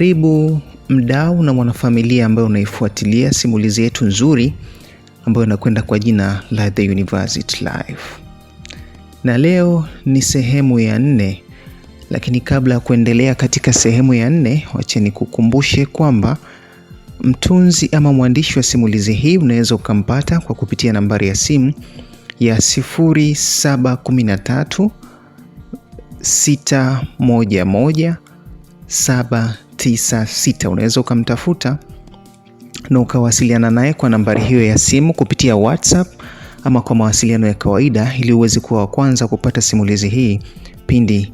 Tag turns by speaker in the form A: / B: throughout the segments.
A: Karibu mdau na mwanafamilia ambaye unaifuatilia simulizi yetu nzuri ambayo inakwenda kwa jina la The University Life, na leo ni sehemu ya nne. Lakini kabla ya kuendelea katika sehemu ya nne, wache kukumbushe kwamba mtunzi ama mwandishi wa simulizi hii unaweza ukampata kwa kupitia nambari ya simu ya 0713 96. Unaweza ukamtafuta na ukawasiliana naye kwa nambari hiyo ya simu kupitia WhatsApp ama kwa mawasiliano ya kawaida, ili uweze kuwa wa kwanza kupata simulizi hii pindi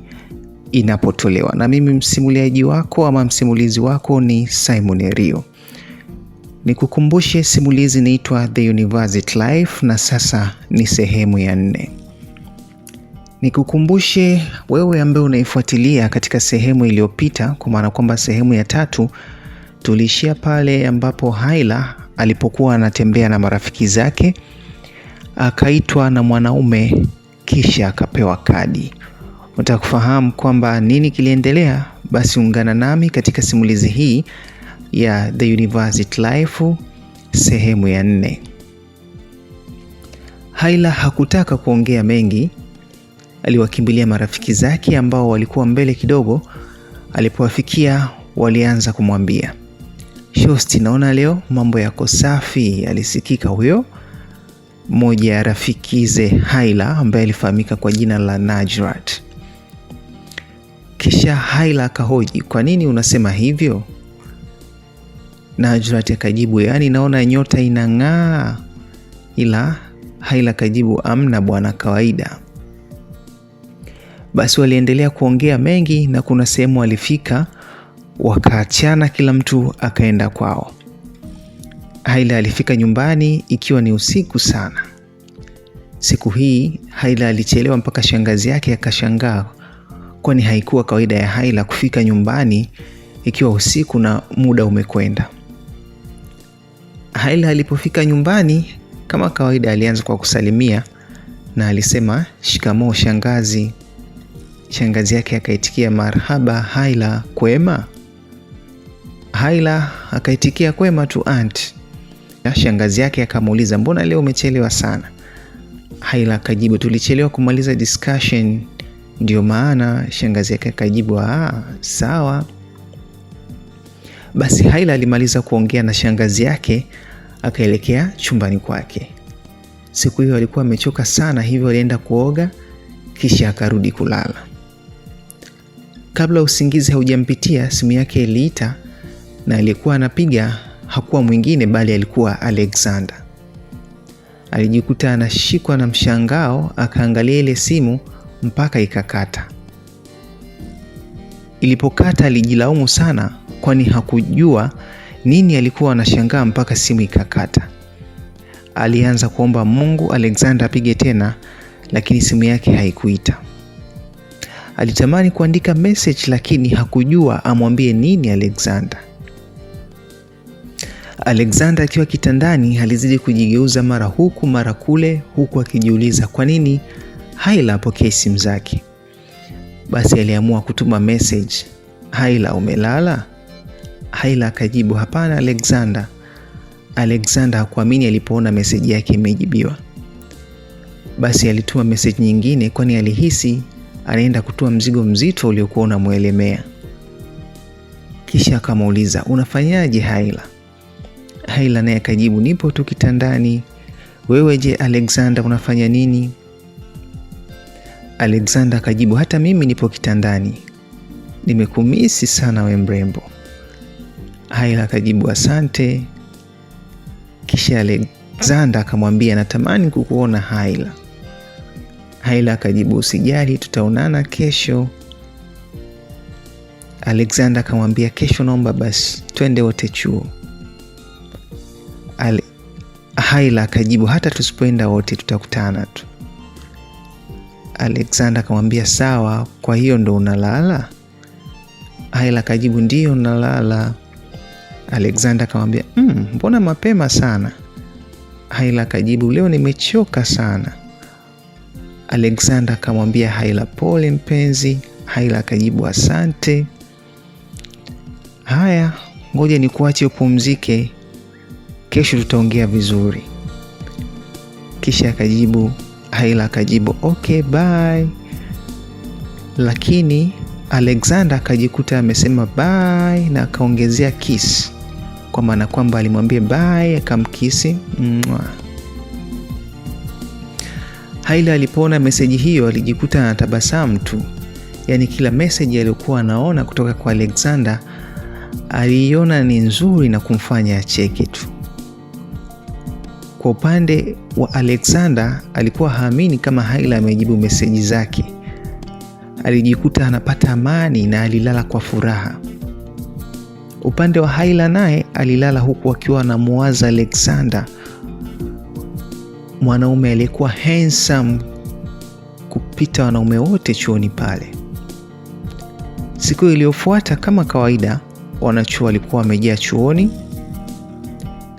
A: inapotolewa. Na mimi msimuliaji wako ama msimulizi wako ni Simon ni Nikukumbushe, simulizi inaitwa The University Life na sasa ni sehemu ya nne. Nikukumbushe wewe ambaye unaifuatilia katika sehemu iliyopita, kwa maana kwamba sehemu ya tatu tuliishia pale ambapo Haila alipokuwa anatembea na marafiki zake akaitwa na mwanaume kisha akapewa kadi. utakufahamu kwamba nini kiliendelea? Basi ungana nami katika simulizi hii ya The University Life sehemu ya nne. Haila hakutaka kuongea mengi aliwakimbilia marafiki zake ambao walikuwa mbele kidogo. Alipowafikia walianza kumwambia, shosti, naona leo mambo yako safi. Alisikika huyo moja ya rafiki ze Haila ambaye alifahamika kwa jina la Najrat. Kisha Haila akahoji, kwa nini unasema hivyo? Najrat akajibu, yaani naona nyota inang'aa. Ila Haila akajibu, amna bwana, kawaida. Basi waliendelea kuongea mengi na kuna sehemu walifika wakaachana, kila mtu akaenda kwao. Haila alifika nyumbani ikiwa ni usiku sana. Siku hii Haila alichelewa mpaka shangazi yake akashangaa, kwani haikuwa kawaida ya Haila kufika nyumbani ikiwa usiku na muda umekwenda. Haila alipofika nyumbani, kama kawaida, alianza kwa kusalimia na alisema, shikamoo shangazi. Shangazi yake akaitikia marhaba, Haila kwema? Haila akaitikia kwema tu aunt. Na shangazi yake akamuuliza mbona leo umechelewa sana? Haila akajibu tulichelewa kumaliza discussion, ndio maana. Shangazi yake akajibu ah, sawa. Basi Haila alimaliza kuongea na shangazi yake akaelekea chumbani kwake. Siku hiyo alikuwa amechoka sana, hivyo alienda kuoga kisha akarudi kulala. Kabla usingizi haujampitia simu yake iliita, na aliyekuwa anapiga hakuwa mwingine bali alikuwa Alexander. Alijikuta anashikwa na mshangao, akaangalia ile simu mpaka ikakata. Ilipokata alijilaumu sana, kwani hakujua nini alikuwa anashangaa mpaka simu ikakata. Alianza kuomba Mungu Alexander apige tena, lakini simu yake haikuita. Alitamani kuandika message lakini hakujua amwambie nini Alexander. Alexander akiwa kitandani alizidi kujigeuza mara huku mara kule, huku akijiuliza kwa nini Haila apokee simu zake. Basi aliamua kutuma message, Haila umelala? Haila akajibu hapana Alexander. Alexander hakuamini alipoona meseji yake imejibiwa. Basi alituma meseji nyingine, kwani alihisi anaenda kutoa mzigo mzito uliokuwa unamwelemea. Kisha akamuuliza unafanyaje Haila? Haila naye akajibu nipo tu kitandani. Wewe je, Alexander unafanya nini? Alexander akajibu hata mimi nipo kitandani, nimekumisi sana we mrembo. Haila akajibu asante. Kisha Alexander akamwambia natamani kukuona Haila. Haila akajibu usijali, tutaonana kesho. Alexander akamwambia kesho naomba basi twende wote chuo. Al Haila akajibu hata tusipoenda wote tutakutana tu. Alexander akamwambia sawa, kwa hiyo ndo unalala? Haila akajibu ndiyo nalala. Alexander akamwambia mmm, mbona mapema sana? Haila akajibu leo nimechoka sana. Alexander akamwambia Haila, pole mpenzi. Haila akajibu asante. Haya, ngoja ni kuache upumzike, kesho tutaongea vizuri. Kisha akajibu Haila akajibu okay, bye. Lakini Alexander akajikuta amesema bye na akaongezea kiss, kwa maana kwamba alimwambia bye akamkisi Haila alipoona meseji hiyo alijikuta anatabasamu tu, yaani kila meseji aliyokuwa anaona kutoka kwa Alexander aliiona ni nzuri na kumfanya acheke tu. Kwa upande wa Alexander alikuwa haamini kama Haila amejibu meseji zake. Alijikuta anapata amani na alilala kwa furaha. Upande wa Haila naye alilala huku akiwa anamuwaza Alexander mwanaume aliyekuwa handsome kupita wanaume wote chuoni pale. Siku iliyofuata kama kawaida, wanachuo walikuwa wamejaa chuoni.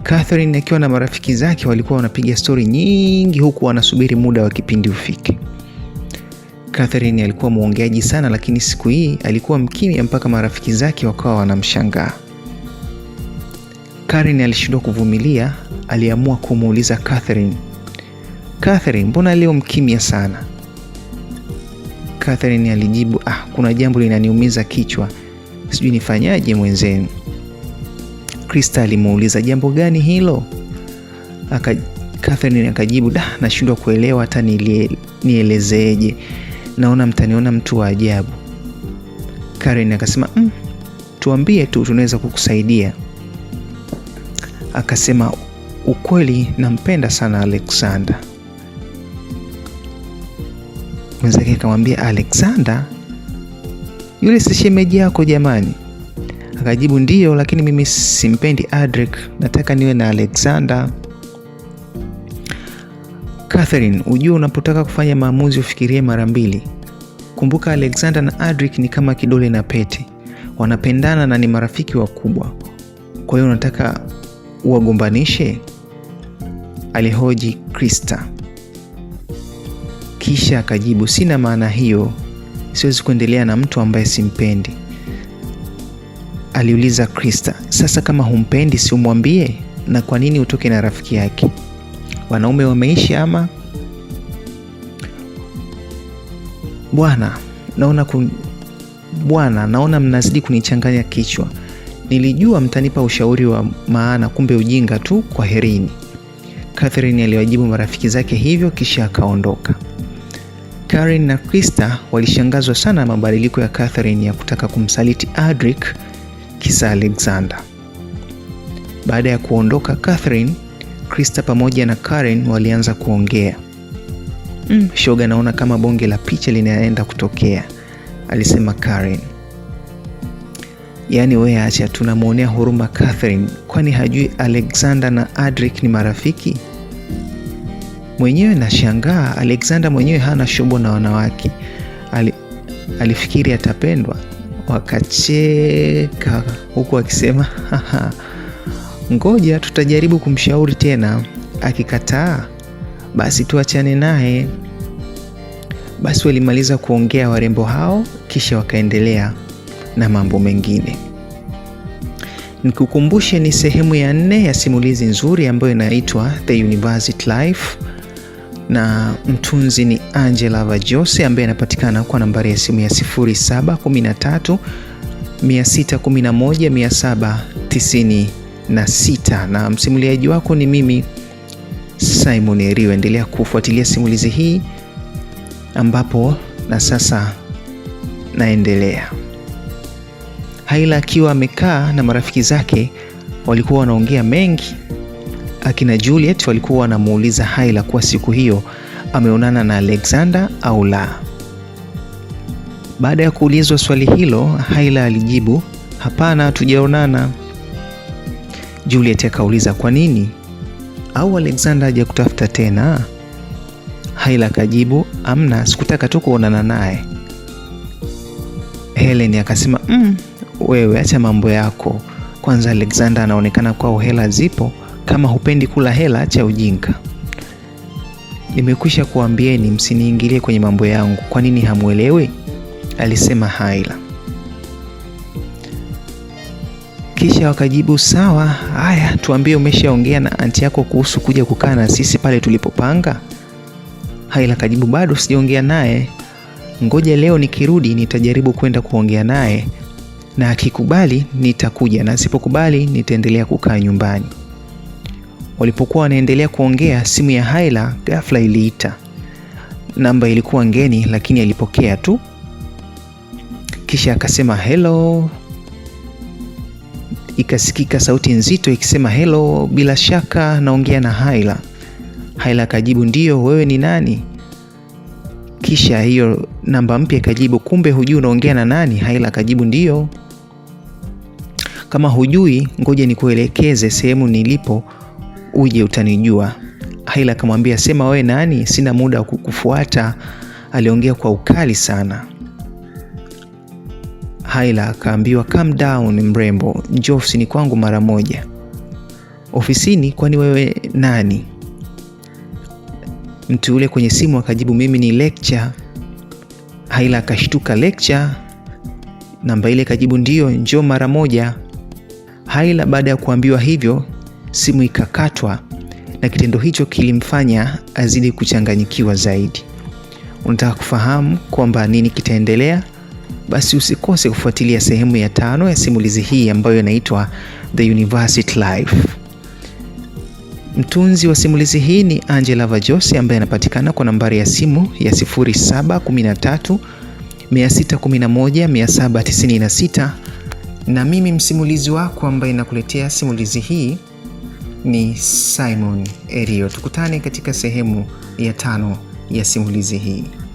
A: Catherine akiwa na marafiki zake walikuwa wanapiga stori nyingi, huku wanasubiri muda wa kipindi ufike. Catherine alikuwa mwongeaji sana, lakini siku hii alikuwa mkimya mpaka marafiki zake wakawa wanamshangaa. Karen alishindwa kuvumilia, aliamua kumuuliza Catherine Catherine, mbona leo mkimya sana? Catherine alijibu, ah, kuna jambo linaniumiza kichwa, sijui nifanyaje mwenzenu. Krista alimuuliza, jambo gani hilo? Aka, Catherine akajibu, da, nashindwa kuelewa hata nielezeeje, naona mtaniona mtu wa ajabu. Karen akasema, mm, tuambie tu, tunaweza kukusaidia. Akasema, ukweli nampenda sana Alexander mwenzake akamwambia, Alexander, yule si shemeji yako jamani? Akajibu, ndiyo, lakini mimi simpendi Adric, nataka niwe na Alexander. Catherine, ujue unapotaka kufanya maamuzi ufikirie mara mbili. Kumbuka Alexander na Adric ni kama kidole na pete, wanapendana na ni marafiki wakubwa. Kwa hiyo unataka uwagombanishe? Alihoji Krista. Kisha akajibu, sina maana hiyo, siwezi kuendelea na mtu ambaye simpendi. Aliuliza Krista, sasa kama humpendi siumwambie na kwa nini utoke na rafiki yake? Wanaume wameishi ama? Bwana naona kun... Bwana naona mnazidi kunichanganya kichwa. Nilijua mtanipa ushauri wa maana, kumbe ujinga tu. kwa herini Catherine aliwajibu marafiki zake hivyo, kisha akaondoka. Karen na Krista walishangazwa sana na mabadiliko ya Catherine ya kutaka kumsaliti Adric kisa Alexander. Baada ya kuondoka Catherine, Krista pamoja na Karen walianza kuongea. Mm, shoga naona kama bonge la picha linaenda kutokea, alisema Karen. Yaani wewe acha, tunamwonea huruma Catherine, kwani hajui Alexander na Adric ni marafiki? Mwenyewe nashangaa Alexander mwenyewe hana shobo na wanawake. Ali, alifikiri atapendwa. Wakacheka huku akisema ngoja tutajaribu kumshauri tena, akikataa basi tuachane naye. Basi walimaliza kuongea warembo hao, kisha wakaendelea na mambo mengine. Nikukumbushe ni sehemu ya nne ya simulizi nzuri ambayo inaitwa The University Life na mtunzi ni Angela Vajose ambaye anapatikana kwa nambari ya simu ya 0713 611 796, na msimuliaji wako ni mimi Simon Eriwe. Endelea kufuatilia simulizi hii ambapo na sasa naendelea. Haila akiwa amekaa na marafiki zake walikuwa wanaongea mengi akina Juliet walikuwa wanamuuliza Haila kuwa siku hiyo ameonana na Alexander au la. Baada ya kuulizwa swali hilo, Haila alijibu, hapana, hatujaonana. Juliet akauliza kwa nini, au Alexander hajakutafuta tena? Haila akajibu, amna, sikutaka tu kuonana naye. Helen akasema, mm, wewe acha mambo yako kwanza, Alexander anaonekana kwao, hela zipo kama hupendi kula hela cha ujinga. Nimekwisha kuambieni msiniingilie kwenye mambo yangu, kwa nini hamwelewi? Alisema Haila. Kisha wakajibu sawa, haya tuambie, umeshaongea na anti yako kuhusu kuja kukaa na sisi pale tulipopanga? Haila kajibu bado sijaongea naye, ngoja leo nikirudi nitajaribu kwenda kuongea naye, na akikubali nitakuja, na asipokubali nitaendelea kukaa nyumbani. Walipokuwa wanaendelea kuongea, simu ya Haila ghafla iliita. Namba ilikuwa ngeni, lakini alipokea tu, kisha akasema hello. Ikasikika sauti nzito ikisema hello, bila shaka naongea na Haila. Haila akajibu ndiyo, wewe ni nani? Kisha hiyo namba mpya ikajibu, kumbe hujui unaongea na nani? Haila akajibu ndiyo. Kama hujui, ngoja nikuelekeze sehemu nilipo uje utanijua. Haila akamwambia sema wewe nani, sina muda wa kukufuata. Aliongea kwa ukali sana. Haila akaambiwa calm down mrembo, njoo ofisini kwangu mara moja. Ofisini? kwani wewe nani? Mtu yule kwenye simu akajibu mimi ni lecture. Haila akashtuka, lecture? Namba ile kajibu ndio njoo mara moja. Haila baada ya kuambiwa hivyo simu ikakatwa, na kitendo hicho kilimfanya azidi kuchanganyikiwa zaidi. Unataka kufahamu kwamba nini kitaendelea? Basi usikose kufuatilia sehemu ya tano ya simulizi hii ambayo inaitwa The University Life. Mtunzi wa simulizi hii ni Angela Vajosi ambaye anapatikana kwa nambari ya simu ya 0713 na mimi msimulizi wako ambaye inakuletea simulizi hii ni Simon Erio. Tukutane katika sehemu ya tano ya simulizi hii.